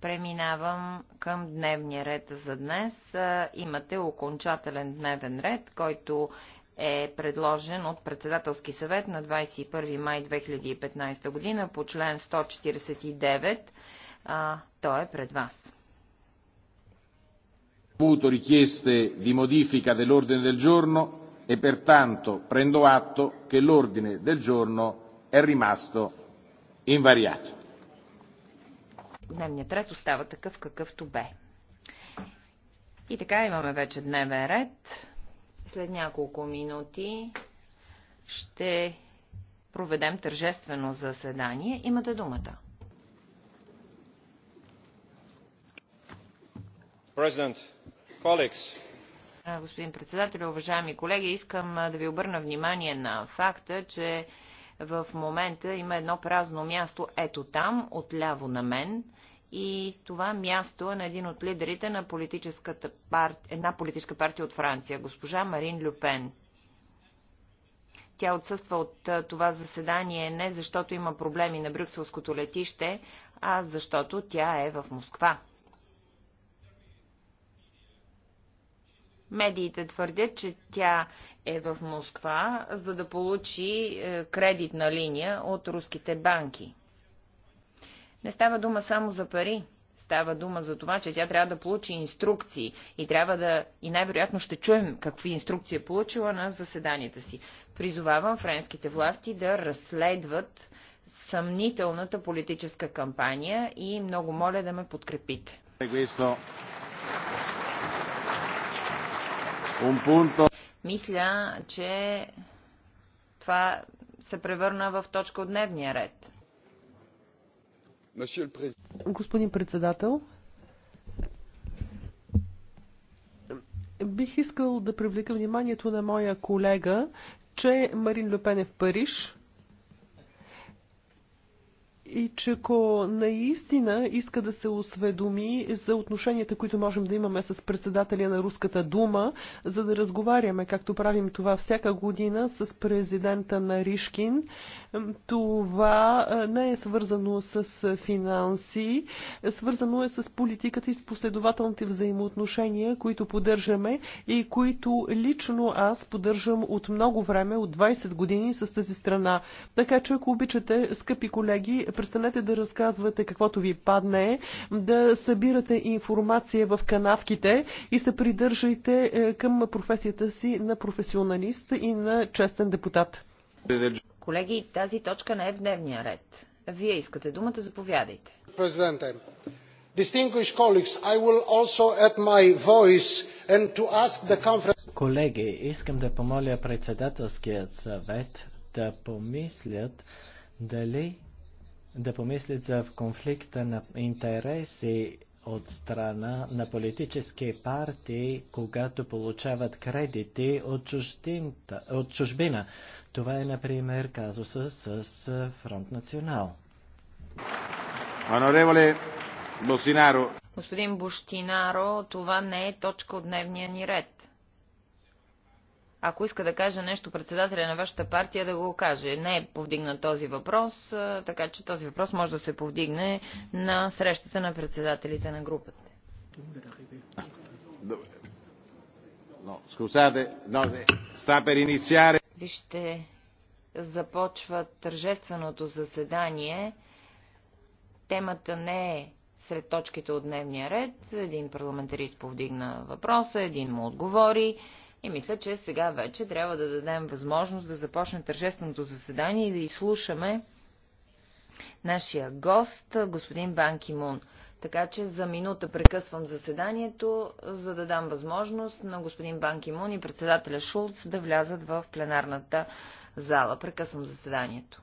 Преминавам към дневния ред за днес. Имате окончателен дневен ред, който е предложен от Председателски съвет на 21 май 2015 година по член 149. А, той е пред вас. Avuto richieste di modifica dell'ordine del giorno e pertanto prendo atto che l'ordine del giorno è rimasto invariato дневният ред остава такъв какъвто бе. И така имаме вече дневен ред. След няколко минути ще проведем тържествено заседание. Имате думата. Президент, Господин председател, уважаеми колеги, искам да ви обърна внимание на факта, че в момента има едно празно място ето там, отляво на мен. И това място е на един от лидерите на политическата парт... една политическа партия от Франция, госпожа Марин Люпен. Тя отсъства от това заседание не защото има проблеми на брюкселското летище, а защото тя е в Москва. Медиите твърдят, че тя е в Москва, за да получи е, кредитна линия от руските банки. Не става дума само за пари. Става дума за това, че тя трябва да получи инструкции и трябва да, и най-вероятно ще чуем какви инструкции е получила на заседанията си. Призовавам френските власти да разследват съмнителната политическа кампания и много моля да ме подкрепите. Мисля, че това се превърна в точка от дневния ред. Господин председател, бих искал да привлека вниманието на моя колега, че Марин Люпен е в Париж и че ако наистина иска да се осведоми за отношенията, които можем да имаме с председателя на Руската дума, за да разговаряме, както правим това всяка година, с президента на Ришкин, това не е свързано с финанси, свързано е с политиката и с последователните взаимоотношения, които поддържаме и които лично аз поддържам от много време, от 20 години с тази страна. Така че, ако обичате, скъпи колеги, престанете да разказвате каквото ви падне, да събирате информация в канавките и се придържайте е, към професията си на професионалист и на честен депутат. Колеги, тази точка не е в дневния ред. Вие искате думата, заповядайте. Президенте, distinguished colleagues, I will also add my voice and to ask the conference... Колеги, искам да помоля председателският съвет да помислят дали да помислят за конфликта на интереси от страна на политически партии, когато получават кредити от, чуждинта, от чужбина. Това е, например, казуса с Фронт Национал. Господин Буштинаро, това не е точка от дневния ни ред. Ако иска да каже нещо председателя на вашата партия, да го каже. Не е повдигна този въпрос, така че този въпрос може да се повдигне на срещата на председателите на групата. Вижте, започва тържественото заседание. Темата не е сред точките от дневния ред. Един парламентарист повдигна въпроса, един му отговори и мисля, че сега вече трябва да дадем възможност да започне тържественото заседание и да изслушаме нашия гост, господин Бан Кимун. Така че за минута прекъсвам заседанието, за да дам възможност на господин Бан Кимун и председателя Шулц да влязат в пленарната зала. Прекъсвам заседанието.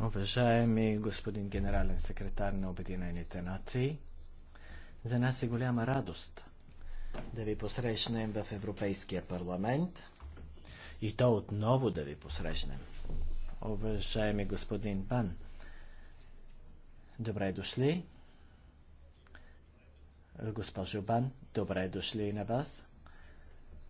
Уважаеми господин генерален секретар на Обединените нации, за нас е голяма радост да ви посрещнем в Европейския парламент и то отново да ви посрещнем. Уважаеми господин Пан, добре дошли. Госпожо Бан, добре дошли на вас.